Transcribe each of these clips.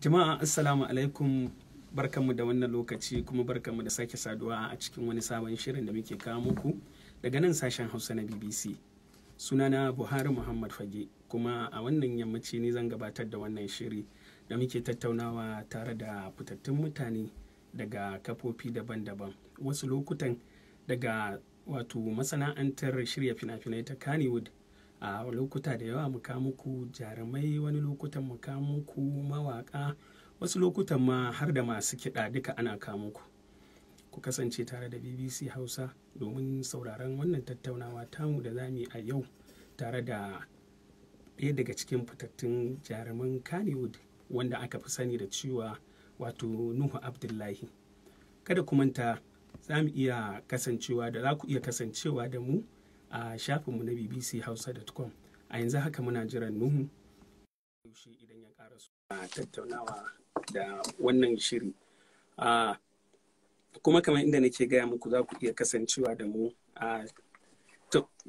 Jama'a Assalamu alaikum barkanmu da wannan lokaci kuma barkanmu da sake saduwa a cikin wani sabon shirin da muke kawo muku daga nan sashen Hausa na BBC. Sunana Buhari Muhammad Fage kuma a wannan yammaci ne zan gabatar da wannan shiri da muke tattaunawa tare da fitattun mutane daga kafofi daban-daban wasu lokutan daga wato masana'antar shirya fina-finai ta Kannywood a lokuta da yawa mu kawo muku jarumai wani lokutan mu kawo muku mawaka wasu lokutan ma har da masu kiɗa duka ana kawo muku ku kasance tare da bbc hausa domin sauraron wannan tattaunawa tamu da zamu a yau tare da ɗaya daga cikin fitattun jaruman kannywood wanda aka fi sani da cewa wato nuhu abdullahi kada ku manta za mu iya kasancewa da za ku iya kasancewa da mu a shafinmu na bbc hausa.com a yanzu haka muna jiran nuhu yaushe idan ya ƙara su a tattaunawa da wannan shiri kuma kamar inda nake gaya muku za ku iya kasancewa da mu a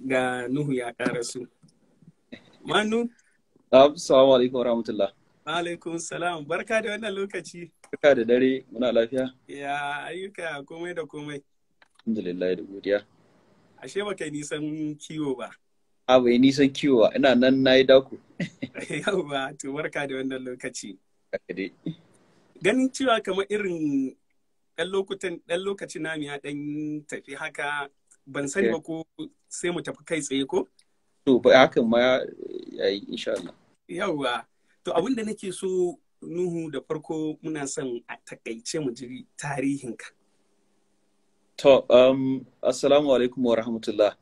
ga nuhu ya ƙara su manu assalamu alaikum warahmatullah alaikum salam barka da wannan lokaci barka da dare muna lafiya ya ayyuka komai da komai alhamdulillah da godiya Ashe ba kai nisan kiwo ba. A bai nisan kiwo ba, ina nan na yi daku. ba to barka da wannan lokaci. Ganin cewa kamar irin ɗan lokutan ɗan lokaci na ya ɗan tafi haka ban sani eh. ba ko sai mu tafi kai tsaye ko? To ba hakan ma yi, insha Allah. ba to abin da nake so Nuhu da farko muna son a takaice mu ji tarihinka. To, um, assalamu alaikum wa rahmatullah.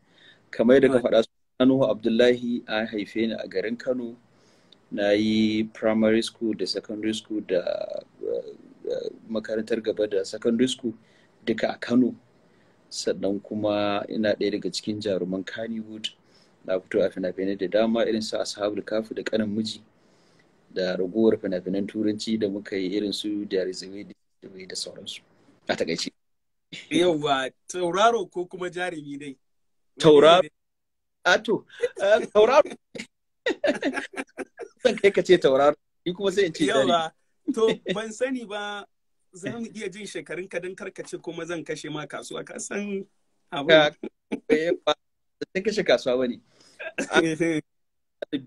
Kamar yadda ka faɗa Anuhu Abdullahi a haife ni a garin Kano. Na yi primary school da secondary school da uh, uh, makarantar gaba da secondary school duka a Kano. Sannan kuma ina ɗaya daga cikin jaruman Kannywood. Na fito a fina-finai da dama irin su Ashabul Kafu da kanin miji da ragowar fina-finan turanci da muka yi irin su da da sauransu. A takaice. Yauwa, tauraro ko kuma jarumi dai. Tauraro? Ato, tauraro. Zan kai ka ce tauraro, ni kuma sai in ce Yauwa, to ban sani ba za mu iya jin shekarun ka don karkace kuma zan kashe ma kasuwa ka san abu. ka kashe kasuwa ba ne.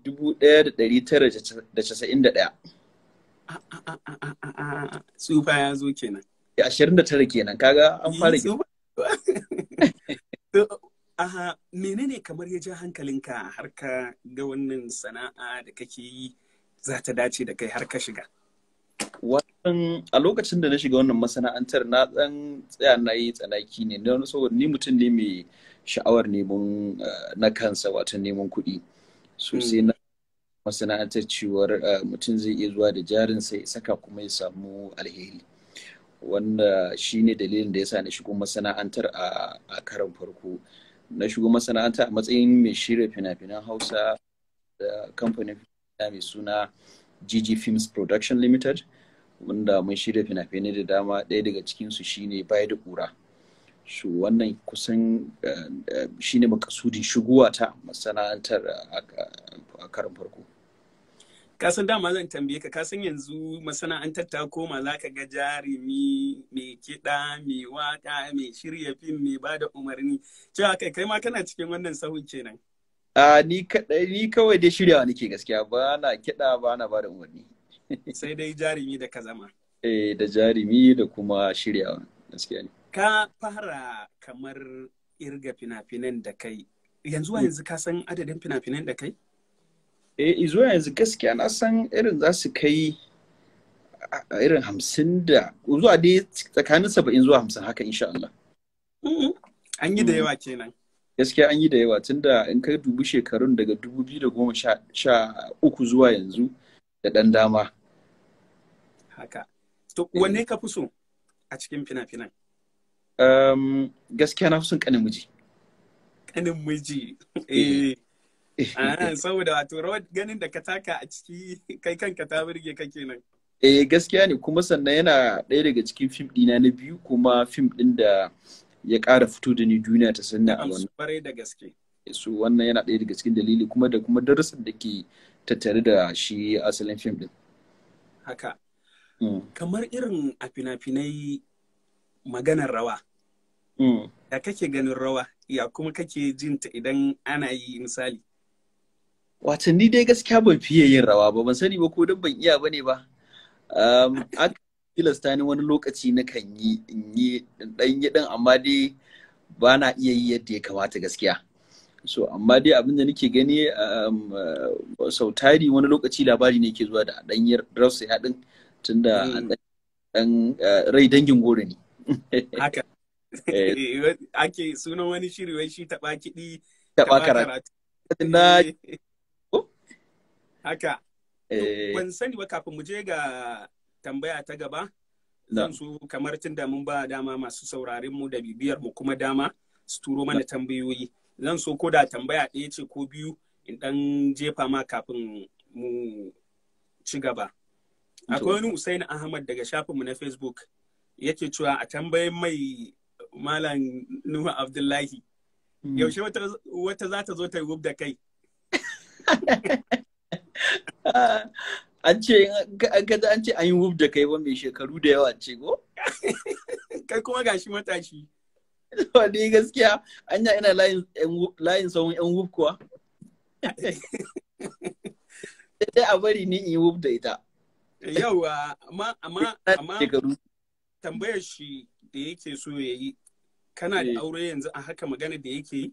Dubu ɗaya da ɗari tara da casa'in da ɗaya. Tsufa ya zo kenan. ashirin da tara kenan kaga an fara aha menene kamar ya ja hankalinka har ka ga wannan sana'a da kake yi za ta dace da kai har ka shiga wannan a lokacin da na shiga wannan masana'antar na dan tsaya na yi tsanaki ne don saboda ni mutum ne mai sha'awar neman eh, na kansa wato neman kuɗi sai hmm. na masana'antar cewar eh, mutum zai iya zuwa da jarinsa ya saka kuma ya samu alheri wanda shi ne dalilin da ya sa na shigo masana'antar a karan farko na shigo masana'anta a matsayin mai shirya fina-finan hausa da kamfanin mai suna gg films production limited wanda mun shirya fina-finai da dama ɗaya daga cikinsu shi ne baya da ƙura shi wannan kusan eh, eh, shi ne makasudin shigowa ta masana'antar a karin farko kasan dama zan tambaye ka kasan yanzu masana'antar ta koma za ka ga jarumi mai kiɗa mai waɗa mai shirya fim mai ba da umarni cewa kai kai ma kana cikin wannan sahun kenan ni kadai ni kawai dai shiryawa nake gaskiya ba na kiɗa ba na ba da umarni sai dai jarumi da ka zama eh da jarumi da kuma shiryawa gaskiya ne ka fara kamar irga fina-finan da kai yanzu wa mm. yanzu ka san adadin fina-finan da kai eh zuwa yanzu gaskiya na san irin za su kai irin hamsin da zuwa dai tsakanin saba'in zuwa hamsin haka insha Allah. Mm-hmm. An yi da mm-hmm. yawa kenan. Gaskiya an yi da yawa da in ka dubi shekarun daga dubu biyu da goma sha uku zuwa yanzu da ɗan dama. Haka. To wanne ka fi so a cikin fina-finan? Um, gaskiya na fi son ƙanin miji. Ƙanin miji. Eh. eh. Ah, saboda wato rawar ganin da ka taka a ciki kai kanka ta burge ka kenan eh gaskiya ne kuma sannan yana ɗaya daga cikin fim ɗina na biyu kuma fim ɗin da ya ƙara fito da ni duniya ta sanna a wannan kwarai da gaske su wannan yana ɗaya daga cikin dalili kuma da kuma darasin da ke tattare da shi asalin fim ɗin haka mm. kamar irin a fina-finai maganar rawa mm. ya kake ganin rawa ya kuma kake jinta idan ana yi misali Watan ni dai gaskiya ban fiye yin rawa ba ban sani ba ko dan ban iya bane ba. Um, aka tilasta ni wani lokaci na kan yi in yi dan yi dan amma dai ba na iya yi yadda ya kamata gaskiya. So amma dai abin da nake gani um, sau tari wani lokaci labari ne ke zuwa da dan yi rausa ya din tunda dan hmm. rai dangin gore ne. Haka. Eh, ake sunan wani shiri wai shi taɓa kiɗi. Taɓa karatu. Na eh. Haka. Eh. Ban sani ba kafin mu je ga tambaya ta gaba. Zan su kamar tun da mun ba dama masu sauraren mu da bibiyar mu kuma dama su turo mana tambayoyi. Zan so ko da tambaya ɗaya ce ko biyu in ɗan jefa ma kafin mu ci gaba. Akwai wani Usaini Ahmad daga shafinmu na Facebook yake cewa a tambayin mai Malam Nuhu Abdullahi. Hmm. Yaushe wata za ta zo ta yi da kai. an ce an kaza an ce an yi wuf da kai ba mai shekaru da yawa ce go? kai kuma gashi matashi wani gaskiya an ya ina layin layin sawun yan wuf kuwa sai a bari ni in yi wuf da ita yawa amma amma amma tambayar shi da yake so ya yi kana da eh. aure yanzu a haka magana da yake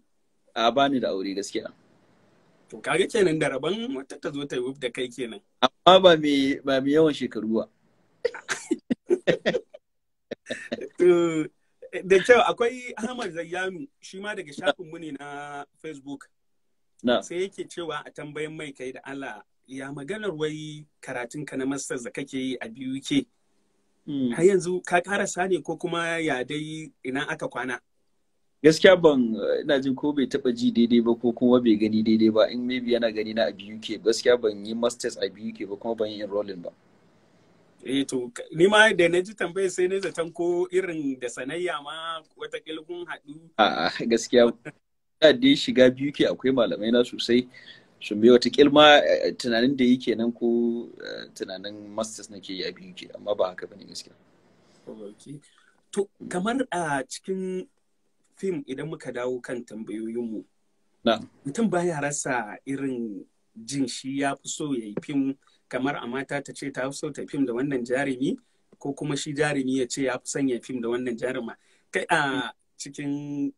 a bani da aure gaskiya To kaga kenan da rabon wata ta zo ta yi da kai kenan. Amma ba mai ba mai yawan shekaru ba. To da kyau akwai Ahmad Zayyanu shi ma daga shafin mu ne na Facebook. Sai yake cewa a tambayin mai kai da Allah ya maganar wai karatun ka na masters da kake yi a biyu ke. Hmm. Har yanzu ka karasa ne ko kuma ya dai ina aka kwana? gaskiya ban ina jin ko bai taba ji daidai ba ko kuma bai gani daidai ba in maybe yana gani na a ke. gaskiya ban yi masters a ke ba kuma ban yi enrolling ba eh to ni ma da na ji tambayar sai ne zaton ko irin da sanayya ma wata kun hadu a gaskiya da dai shiga ke akwai malamai na sosai sun bai wata kilma eh, tunanin da yake nan ko eh, tunanin masters nake yi a ke. amma ba haka bane gaskiya to kamar a cikin fim idan muka dawo kan tambayoyinmu mutum baya rasa irin jin shi ya fi so ya yi fim kamar a mata ta ce ta fi so ta fim da wannan jarumi ko kuma shi jarumi ya ce ya fi son ya fim da wannan jaruma kai a cikin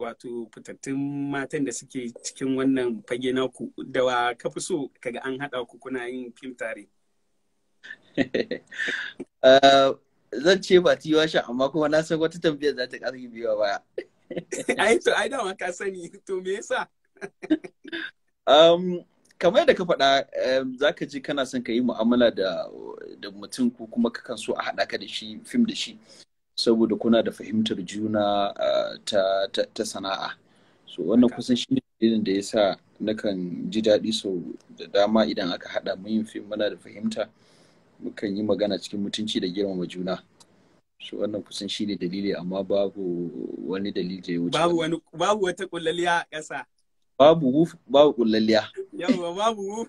wato fitattun matan da suke cikin wannan fage naku da wa ka fi so kaga an haɗa ku kuna yin fim tare eh, zan ce ba tiwa sha amma kuma na san wata tambayar za ta biyu biyawa baya ai to ai dama ka sani to me yasa um kamar yadda ka faɗa um, za ka ji kana son ka yi mu'amala da da mutum ko kuma ka kan so a haɗa ka da shi fim da shi saboda kuna da fahimtar juna uh, ta, ta, sana'a so wannan kusan shi ne irin da ya sa nakan ji daɗi sau da dama idan aka haɗa muyin fim muna da fahimta mukan yi magana cikin mutunci da girmama juna shi wannan kusan shi ne dalili amma babu wani dalili da ya wuce babu wani babu wata kullaliya a ƙasa babu wuf babu kullaliya yawa babu wuf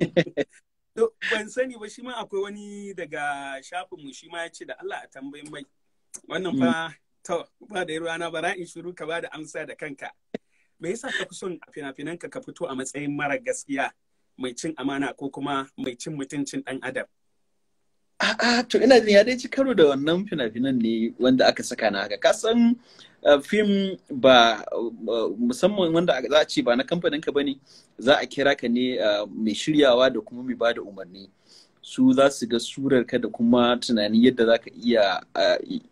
to ban sani ba shi ma akwai wani daga shafin mu shi ma ya ce da Allah a tambayin mai wannan fa mm. to ba da rana bara in shiru ka ba da amsa da kanka me yasa ka fi son fina-finanka ka fito a matsayin mara gaskiya mai cin amana ko kuma mai cin mutuncin dan adam a'a to ina jin ya dai ci karo da wannan fina-finan ne wanda aka saka na haka kasan uh, fim ba uh, musamman wanda za a ce ba na kamfanin ka bane za a kira ka ne uh, mai shiryawa da kuma mai bada umarni su za su ga surar ka da kuma tunanin yadda za ka iya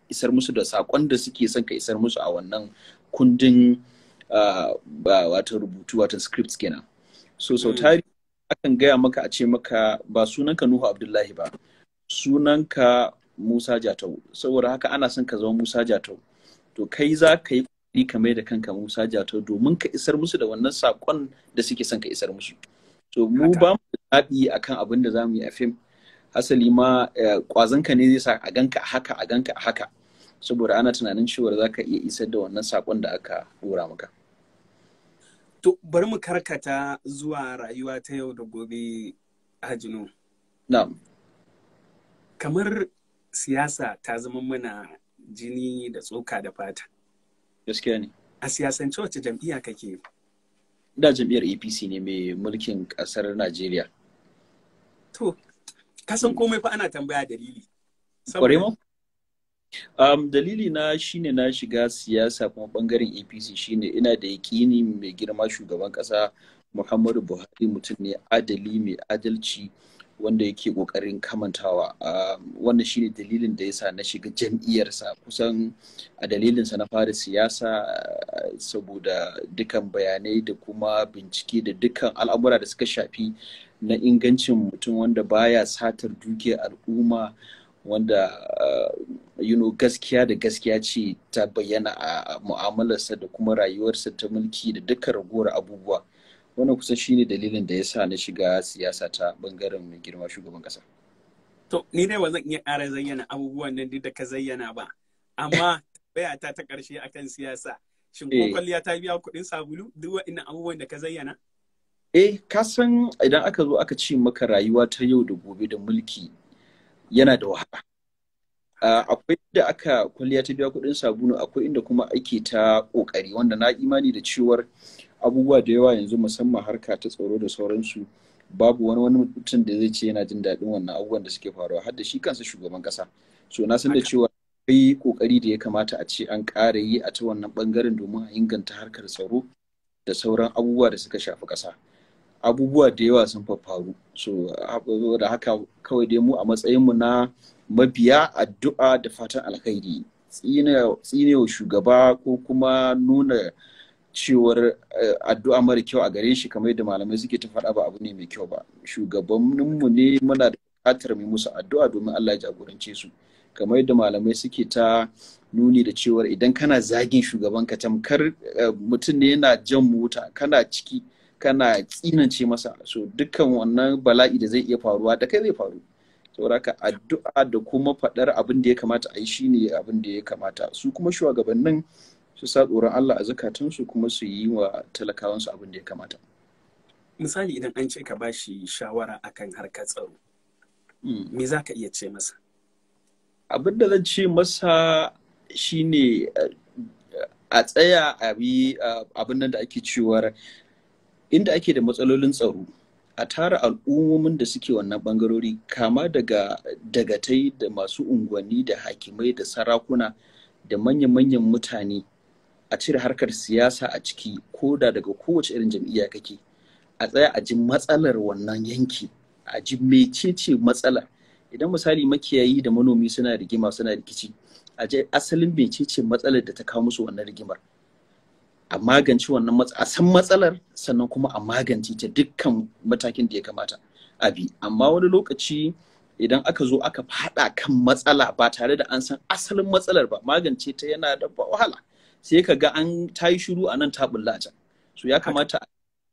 isar musu da saƙon da suke son ka isar musu a wannan kundin wata rubutu wata script kenan so sau mm. akan gaya maka a ce maka ba sunanka nuhu abdullahi ba sunanka Musa Jatau saboda haka ana son ka zama Musa Jatau to kai za ka yi kuɗi ka mai da kanka Musa Jatau domin ka isar musu da wannan saƙon da suke son ka isar musu to mu ba mu zaɓi akan abin da za mu yi a fim asali ma eh, ƙwazonka ne zai sa a ganka a haka a ganka a haka saboda ana tunanin cewa za ka iya isar da wannan saƙon da aka ɗora maka to bari mu karkata zuwa rayuwa ta yau da gobe hajinu na'am kamar siyasa ta zama mana jini da tsoka da fata gaskiya ne a siyasance wacce jam'iyya kake da jam'iyyar apc ne mai mulkin kasar najeriya to kasan komai fa ana tambaya dalili Kwaremo? Um, dalili na shine na shiga siyasa kuma bangaren apc shine ina da yakini mai girma shugaban kasa muhammadu buhari mutum ne adali mai adalci wanda yake kokarin kamantawa wannan shine dalilin da yasa na shiga jam'iyyarsa kusan a dalilinsa na fara siyasa saboda dukan bayanai da kuma bincike da dukan al'amura da suka shafi na ingancin mutum wanda baya satar dukiyar al'umma wanda uh, you know gaskiya da gaskiya ce ta bayyana a mu'amalarsa da kuma rayuwarsa ta mulki da duka ragowar abubuwa wannan kusan shine dalilin da ya sa na shiga siyasa ta bangaren mai girma shugaban kasa to ni dai ba zan iya ƙara zayyana abubuwan nan duk da ka zayyana ba amma baya ta ta ƙarshe akan siyasa shin ko eh. kwalliya ta biya kuɗin sabulu duk waɗannan abubuwan da ka zayyana eh ka san idan aka zo aka ce maka rayuwa ta yau da gobe da mulki yana da wahala akwai inda aka kwalliya ta biya kuɗin sabulu akwai inda kuma ake ta ƙoƙari wanda na imani da cewar abubuwa da yawa yanzu musamman harka ta tsaro da sauransu babu wani wani mutum da zai ce yana jin daɗin wannan abubuwan da suke faruwa har da shi kansa shugaban ƙasa so na san da cewa akwai kokari da ya kamata a ce an ƙara yi a ta wannan bangaren domin a inganta harkar tsaro da sauran abubuwa da suka shafi ƙasa abubuwa da yawa sun faru so da haka kawai dai mu a matsayin mu na mabiya addu'a da fatan alkhairi tsinewa shugaba ko kuma nuna cewar eh, addu'a mara kyau a gare shi kamar yadda malamai suke ta faɗa ba abu ne mai kyau ba shugabanninmu ne muna da buƙatar mu musu addu'a domin Allah ya jagorance su kamar yadda malamai suke ta nuni da cewar idan kana zagin shugaban ka tamkar eh, mutum ne yana jan mota kana ciki kana tsinance masa so dukkan wannan bala'i da zai iya faruwa da kai zai faru saboda haka addu'a da kuma faɗar abin da ya kamata a yi shine abin da ya kamata su kuma shugabannin su sa tsoron Allah a zakatunsu kuma su yi wa talakawansu abin da ya kamata. Misali idan an ce ka ba shi shawara akan harkar tsaro, hmm. me za ka iya ce masa? Abin da zan ce masa shine a tsaya abin nan da ake cewa inda ake da matsalolin tsaro. a tara al'ummomin da suke wannan bangarori kama daga dagatai da masu unguwanni da hakimai da sarakuna da manya-manyan mutane a cire harkar siyasa a ciki ko da daga kowace irin jam'iyya kake a tsaya a ji matsalar wannan yanki a ji mecece matsalar idan misali makiyayi da manomi suna rigima suna rikici a je asalin mecece matsalar da ta kawo musu wannan rigimar a magance wannan a san matsalar sannan kuma a magance ta dukkan matakin da ya kamata a amma wani lokaci idan aka zo aka faɗa kan matsala ba tare da an san asalin matsalar ba magance ta yana da wahala sai ka ga an ta yi shiru a nan ta bulla can so ya kamata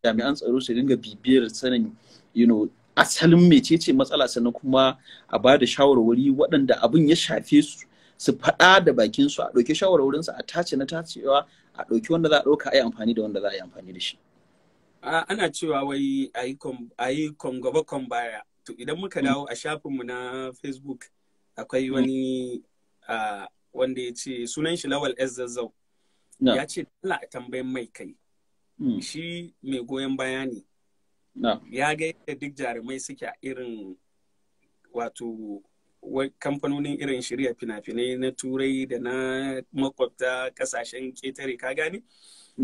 jami'an tsaro su dinga bibiyar sanin you know asalin mecece matsala sannan kuma a ba da shawarwari waɗanda abin ya shafe su su faɗa da bakin su a ɗauki su a tace na tacewa a ɗauki wanda za a ɗauka a yi amfani da wanda za a yi amfani da shi. ana cewa wai a yi gaba baya to idan muka dawo a shafinmu na facebook akwai mm. wani wanda ya ce sunan shi lawal s zazzau ya ce dala a tambayin mai kai hmm. shi mai goyon baya ne ya ga yadda duk jarumai suke a irin wato kamfanonin irin shirya fina-finai na turai da na makwabta kasashen ketare ka gane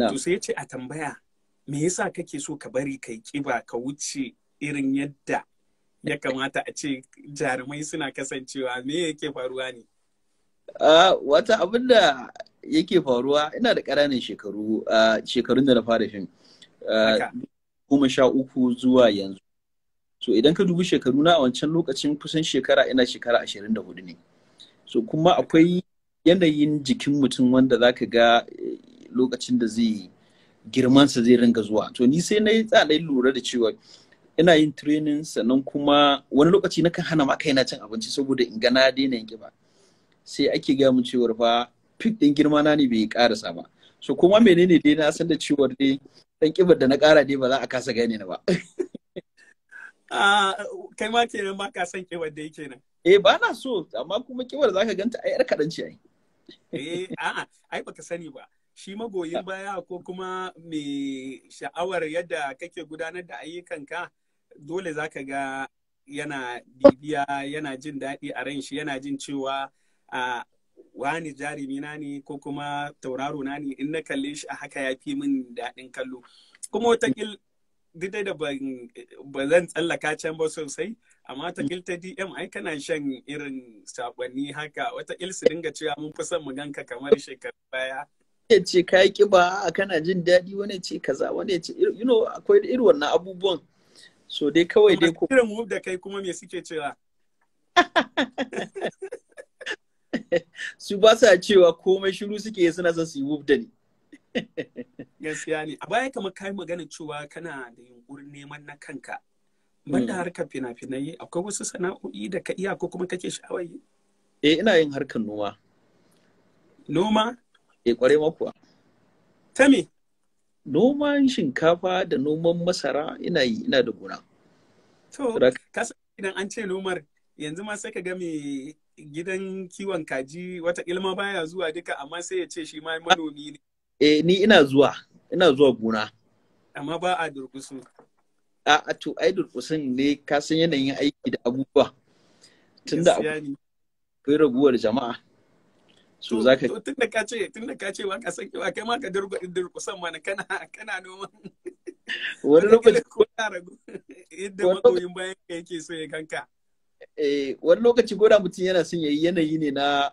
to sai ya ce a tambaya me yasa kake so ka bari kai kiba ka wuce irin yadda ya kamata a ce jarumai suna kasancewa me yake faruwa ne ah, wata abin da yake faruwa ina da ƙananan shekaru shekarun da na fara fim goma sha uku zuwa yanzu so idan ka dubi shekaru na a wancan lokacin kusan shekara ina shekara ashirin da hudu ne so kuma akwai yanayin jikin mutum wanda za ka ga eh, lokacin da zai girmansa zai ringa zuwa to ni sai na yi tsanai lura da cewa ina yin training sannan kuma wani lokaci na kan hana ma kaina cin abinci saboda in gana daina yin kiba sai ake gaya mun cewar fa peak din girma na ne bai karasa ba so kuma menene dai na san da cewar dai dan kibar da na kara dai ba za a kasa gane ni ba ah, kai ma kenan ba ka san kibar da yake nan eh ba na so amma kuma kibar zaka ganta ai yar kadan ai eh a'a ai baka sani ba shi magoyin baya ko kuma mai sha'awar yadda kake gudanar da ayyukan ka, dole zaka ga yana bibiya yana jin daɗi a ran shi yana jin cewa ah, wani jarumi na ne ko kuma tauraro na ne in na kalle shi a haka ya fi min daɗin kallo kuma wata duk da ba zan tsallaka can ba sosai amma ta ta dm ai kana shan irin sabonni haka wata su dinga cewa mun fi son mu ganka kamar shekaru baya ya ce ka yi kiba kana jin daɗi wani ce kaza wani ce you know akwai irin wannan abubuwan so dai kawai dai ko irin da kai kuma me suke cewa su ba sa cewa komai shiru suke suna son su yi wuf da ni gaskiya ne a baya kamar kai magana cewa kana da yunkurin neman na kanka mm. banda harkar fina-finai akwai wasu sana'o'i da ka iya ko kuma kake sha'awai. eh ina yin harkar noma noma eh kware makuwa ta me noman shinkafa da noman masara ina yi ina da gona to kasa idan an ce nomar yanzu ma sai ka ga me gidan kiwon kaji wata ilma baya zuwa duka amma sai ya ce shi ma manomi ne. Eh ni ina zuwa, ina zuwa gona. Amma ba a durkusu. A a to ai durkusun ne ka san yanayin aiki da abubuwa. Tunda akwai raguwar jama'a. So zaka tun da ka ce tun da ka ce ba ka san kiwa kai ma ka durkusan mana kana kana noma. Wani lokaci ko ya ragu. Yadda makoyin bayan ka yake so ya kanka. Eh, wani lokaci goda mutum yana son ya yi yanayi ne na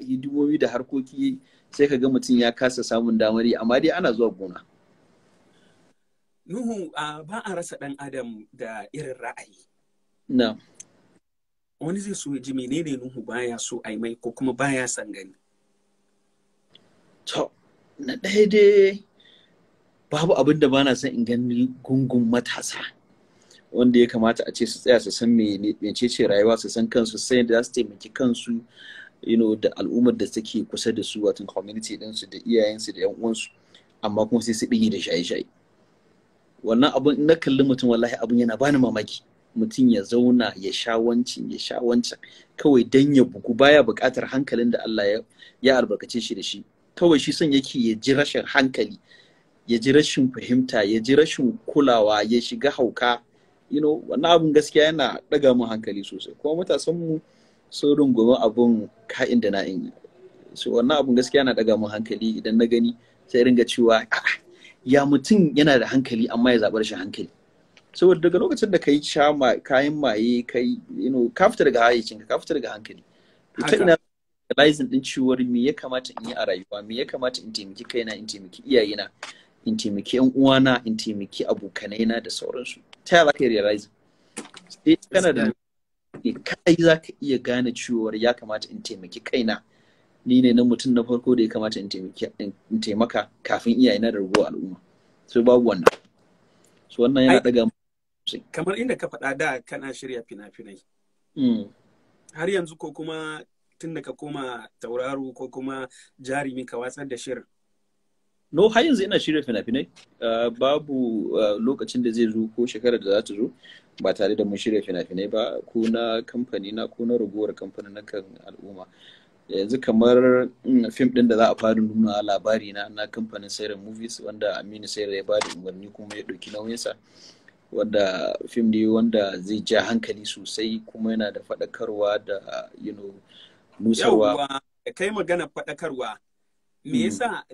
hidimomi da harkoki sai ka ga mutum ya kasa samun damari. amma dai ana zuwa gona Nuhu ba a rasa ɗan adam da irin ra'ayi. Na. Wani zai so ji menene Nuhu baya so a mai ko kuma baya san gani. To, na ɗaya dai babu abin da ba na son in gani gungun matasa. wanda ya kamata a ce su tsaya su san ce, rayuwa su san kansu sai da za su taimaki kansu you da al'ummar da suke kusa da su watan community ɗinsu da iyayensu da 'yan uwansu amma kuma sai su bigi da shaye-shaye wannan abun na kalli mutum wallahi abun yana bani mamaki mutum ya zauna ya sha wancin ya sha wancan kawai dan ya bugu baya buƙatar hankalin da Allah ya albarkace shi da shi kawai shi son yake ya ji rashin hankali ya ji rashin fahimta ya ji rashin kulawa ya shiga hauka you know wannan abun gaskiya yana daga mu hankali sosai kuma matasan mu sun rungumi abun ka'in da na'in so wannan abun gaskiya yana daga mu hankali idan na gani sai ringa cewa ya mutum yana da hankali amma ya zaɓar shi hankali saboda daga lokacin da kai sha kayan maye kai you know ka fita daga hayyacin ka fita daga hankali ita ina realizing din ciwar me ya kamata in yi a rayuwa me ya kamata in taimaki kaina in taimaki iyayena in taimaki yan uwana in taimaki abokanaina da sauransu Taya za ka yi realize sai kana da kai za ka iya gane cewar ya kamata in taimaki kaina ni ne na mutum na farko da ya kamata in taimaka kafin iyayena da ruwa al'umma so babu wannan so wannan yana daga kamar inda ka faɗa da kana shirya fina-finai hmm. har yanzu ko kuma tun da ka koma tauraro ko kuma jarumi ka watsar da shirin. no har yanzu ina shirya fina-finai ah, babu ah, lokacin da zai zo ko shekarar da za ta zo ba tare da mun shirya fina-finai ba ko na kamfani na ko na ragowar na kan al'umma yanzu kamar mm, fim din da za a fara nuna labari na na kamfanin sayar movies wanda aminu sayar ya ba da umarni kuma ya ɗauki nauyinsa wanda fim ne wanda zai ja hankali sosai kuma yana da faɗakarwa da you know nusarwa kai magana faɗakarwa me mm. yasa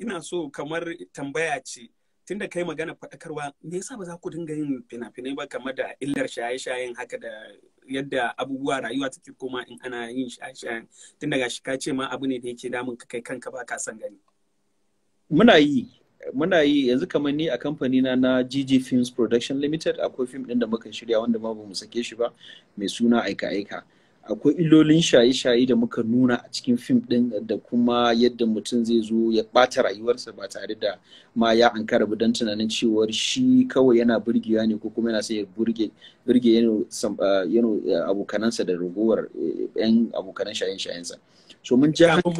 ina so kamar tambaya ce tunda kai magana faɗakarwa me yasa ba za ku dinga yin fina-finai ba kamar da illar shaye-shayen haka da yadda abubuwa rayuwa take koma in ana yin shaye-shayen da gashi ka ce ma abu ne da yake damun ka kai kanka ba ka san gani muna yi muna yi yanzu kamar ni a kamfani na na GG Films Production Limited akwai fim ɗin da muka shirya wanda ma bamu sake shi ba mai suna aika aika akwai illolin shaye-shaye da muka nuna a cikin fim ɗin da kuma yadda mutum zai zo ya ɓata rayuwarsa ba tare da ma ya ankara don tunanin cewar shi kawai yana burgewa ne ko kuma yana sai ya burge yano ah, ah, abokanansa da ragowar 'yan eh, abokanan shaye shayensa So mun ja Kafin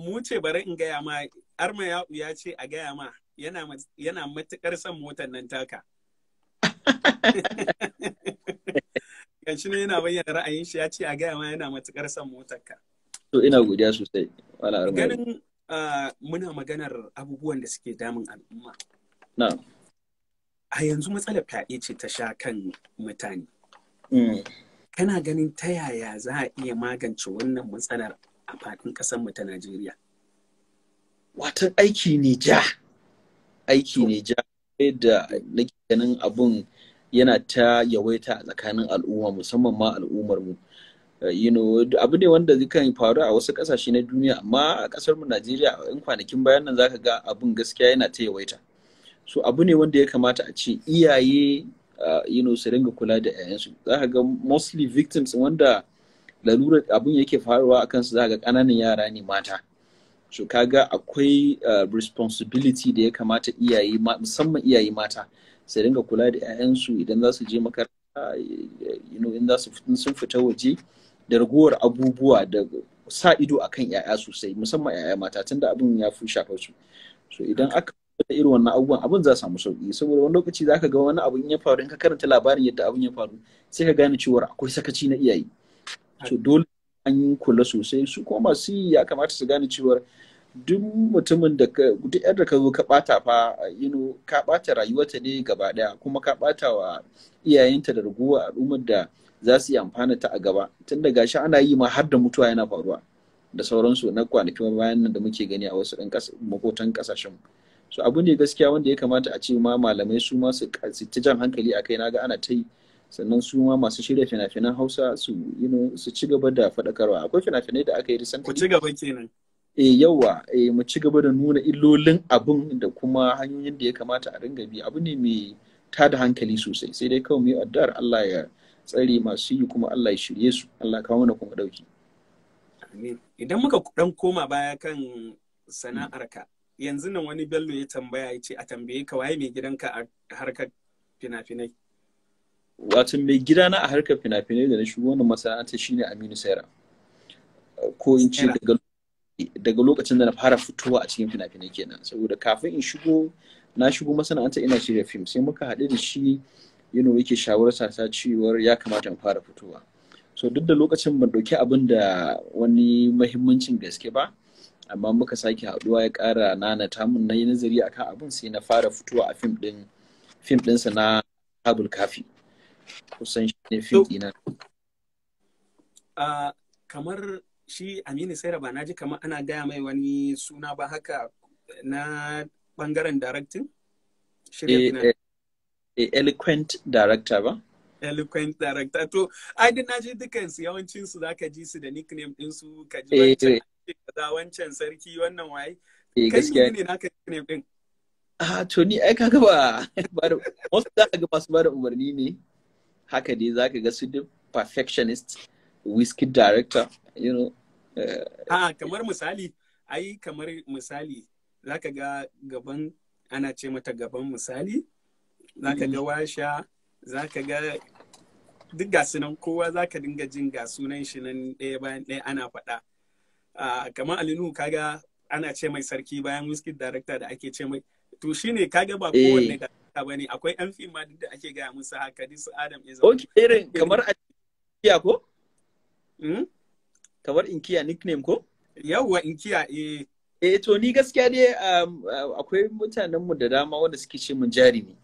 mu wuce bari in gaya ma, Arma ya ya ce a gaya ma yana matukar son motar nan taka. gashi ne yana bayyana ra'ayin shi ya ce a gaya ma yana matukar son motar ka to ina godiya sosai ganin muna maganar abubuwan da suke damun al'umma na a yanzu matsalar fyaɗe ce ta sha kan mutane mm. kana ganin ta yaya za a iya magance wannan matsalar a faɗin ƙasar mu ta Najeriya wata aiki ne ja aiki ne ja da nake ganin abun yana ta yawaita a tsakanin al'umma musamman ma al'ummar mu uh, you know abu ne wanda kan faru a wasu kasashe na duniya amma a kasar mu Najeriya in kwanakin bayan nan zaka ga abun gaskiya yana ta yawaita so abu ne wanda ya kamata a ce iyaye uh, you know su dinga kula da yayansu zaka ga mostly victims wanda lalura abun yake faruwa akan su zaka ga kananan yara ne mata so kaga akwai uh, responsibility da ya kamata iyaye musamman iyaye mata su dinga kula da 'ya'yansu idan za su je makaranta in za su sun fita waje da raguwar abubuwa da sa ido akan 'ya'ya sosai musamman 'ya'ya mata tunda abin ya fi shafar su so idan aka da irin wannan abubuwan abin za samu sauki saboda wani lokaci za ka ga wani in ya faru in ka karanta labarin yadda abin ya faru sai ka gane cewa akwai sakaci na iyaye so dole an kula sosai su kuma masu ya kamata su gane cewa duk mutumin da ka duk yadda ka zo ka bata fa you ka bata rayuwarta ne gaba daya kuma ka bata wa iyayenta da raguwa al'ummar da za su yi amfana ta a gaba tun da gashi ana yi ma har da mutuwa yana faruwa da sauransu na kwanaki bayan nan da muke gani a wasu ɗan makotan ƙasashen so abu ne gaskiya wanda ya kamata a ce ma malamai su ma su ci jan hankali a kai naga ana ta yi sannan su ma masu shirya fina-finan hausa su su ci gaba da faɗakarwa akwai fina-finai da aka yi recently ku ci gaba kenan e eh, yawa e eh, mu ci gaba da nuna illolin abun da kuma hanyoyin da ya kamata a ringa bi abu ne mai tada hankali sosai sai dai kawai mu yi addu'ar Allah ya tsare masu yi kuma Allah ya shirye su Allah kawo mana kuma dauki idan muka dan koma baya kan sana'arka yanzu nan wani bello ya tambaya ya ce a tambaye ka waye mai gidanka a harkar fina-finai wato mai gidana a harkar fina-finai da na shigo wannan masana'anta shine Aminu Saira ko in ce daga daga lokacin da na fara fitowa a cikin fina-finai kenan saboda kafin in shigo na shigo masana'anta ina shirya fim sai muka haɗu da shi yano yake shawarar ta cewar ya kamata in fara fitowa so duk da lokacin ban ɗauki abin da wani mahimmancin gaske ba amma muka sake haɗuwa ya ƙara nanata mun na yi nazari akan abin sai na fara fitowa a fim ɗin fim ɗinsa na abul Kafi kusan shi ne fim ɗina. Ah, kamar shi aminu saira ba na ji kamar ana gaya mai wani suna ba haka na bangaren directing shirya eh, eh, eh, eloquent director ba eloquent director to ai din ji dukan su yawancin su ka ji su da nickname din su ka ji wancan wancan sarki wannan waye kai ne naka nickname din ah to ni ai kaga ba wasu za ka ga masu bada umarni ne haka dai za ka ga su duk perfectionist whisky director you know eh, ah, kamar misali ai kamar misali zaka ga gaban ana ce mata gaban misali zaka ga mm-hmm. washa zaka ga duk ga sunan kowa zaka dinga jin ga sunan shi nan ɗaya bayan ɗaya ana faɗa ah, kamar alinu kaga ana ce mai sarki bayan music director da ake ce mai to shine kaga ba eh. kowanne da ba ne akwai yan fim ma duk da ake gaya musu haka su adam izam okay irin kamar a ko hmm? kamar inkiya nickname ko yawwa inkiya eh eh to ni gaskiya dai um, akwai mutanenmu da dama wanda suke ce mun jarimi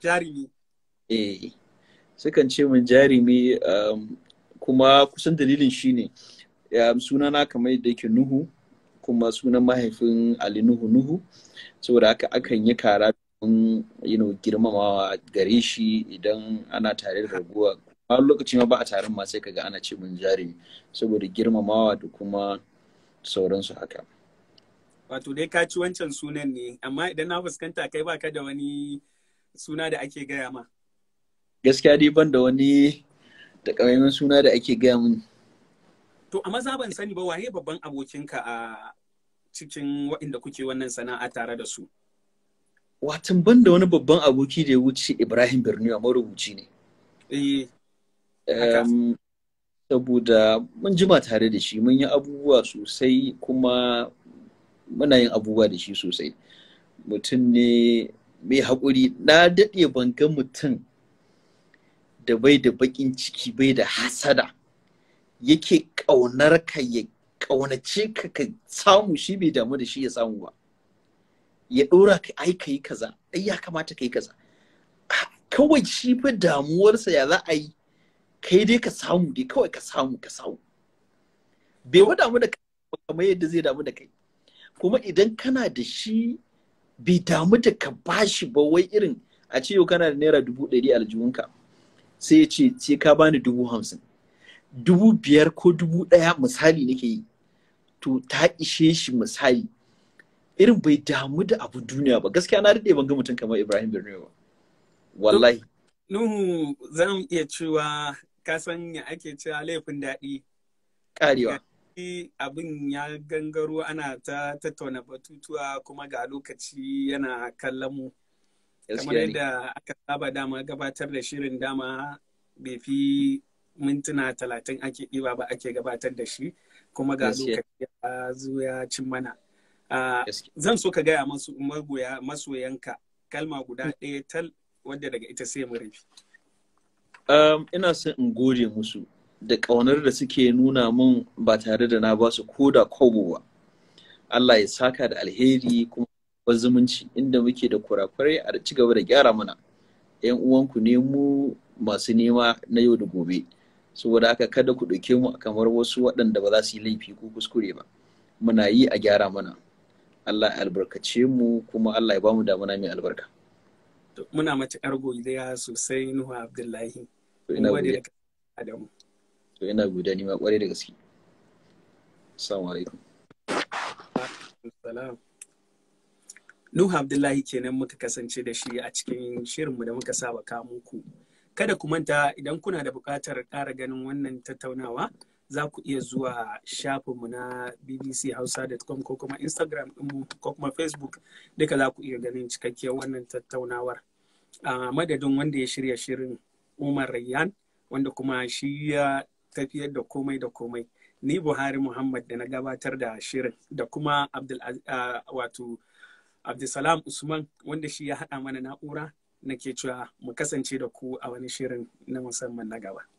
jarimi eh sukan ce mun jarimi um, kuma kusan dalilin shi shine um, sunana kamar yadda yake nuhu kuma sunan mahaifin ali nuhu nuhu saboda haka akan yi kara domin girmamawa gare shi idan ana tare da raguwa a lokaci ma ba a taron masu sai kaga ana ce mun jari saboda girmamawa da kuma sauransu haka wato dai ka ci wancan sunan ne amma idan na fuskanta kai baka da wani suna da ake gaya ma gaskiya dai ban da wani takamaiman suna da ake gaya mun to a maza ban sani ba waye babban abokinka a cikin waɗanda kuke wannan sana'a tare da su watan ban da wani babban aboki da ya wuce ibrahim birniwa marubuci ne eh. saboda mun jima tare da shi mun yi abubuwa sosai kuma muna yin abubuwa da shi sosai mutum ne mai haƙuri na daɗe ban ga mutum da bai da baƙin ciki bai da hasada yake ƙaunar ka ya ƙaunace ka ka samu shi bai damu da shi ya samu ba ya ɗora ka ai ka yi kaza ai ya kamata ka yi kaza kawai shi fa damuwarsa ya za a yi kai dai ka samu dai kawai ka samu ka samu bai wada mu da kai kamar yadda zai damu da kai kuma idan kana da shi bai damu da ka bashi ba wai irin a ce yau kana da naira dubu ɗari a aljihunka sai ya ce sai ka bani dubu hamsin dubu biyar ko dubu ɗaya misali nake yi to ta ishe shi misali irin bai damu da abu duniya ba gaskiya na daɗe ban ga mutum kamar ibrahim birniwa wallahi nuhu zan iya cewa ka san ya ake cewa laifin daɗi karewa abin ya gangaro ana ta tattauna batutuwa kuma ga lokaci yana kallon mu kamar yadda aka saba dama gabatar da shirin dama bai fi mintuna talatin ake ɗiba ba ake gabatar da shi kuma ga lokaci ya zo ya cin mana zan so ka gaya masu masoyanka kalma guda ɗaya tal wadda daga ita sai mu rufi. Um, ina son in gode musu da ƙaunar da suke nuna mun ba tare da na ba su ko da kobo ba. Allah ya saka da alheri kuma zumunci inda muke da kurakurai a ci gaba da gyara mana. 'Yan uwanku ne mu masu nema na yau da gobe. Saboda aka kada ku ɗauke mu kamar wasu waɗanda ba za su yi laifi ko kuskure ba. Muna yi a gyara mana. Allah ya albarkace mu kuma Allah ya bamu damuna mai albarka. Muna matuƙar godiya sosai Nuhu Abdullahi. to ina godiya to ma kwarai da gaske assalamu alaikum salam Nuhu Abdullahi kenan muka kasance da shi a cikin shirinmu da muka saba kawo muku. Kada ku manta idan kuna da buƙatar ƙara ganin wannan tattaunawa za ku iya zuwa shafinmu na bbchausa.com ko kuma Instagram ɗinmu ko kuma Facebook duka za ku iya ganin cikakkiyar wannan tattaunawar. A madadin wanda ya shirya shirin Umar Rayyan wanda kuma shi ya tafiyar da komai da komai ni Buhari Muhammad da na gabatar da shirin da kuma Abdul wato Abdulsalam Usman wanda shi ya haɗa mana na'ura nake cewa mu kasance da ku a wani shirin na musamman na gaba.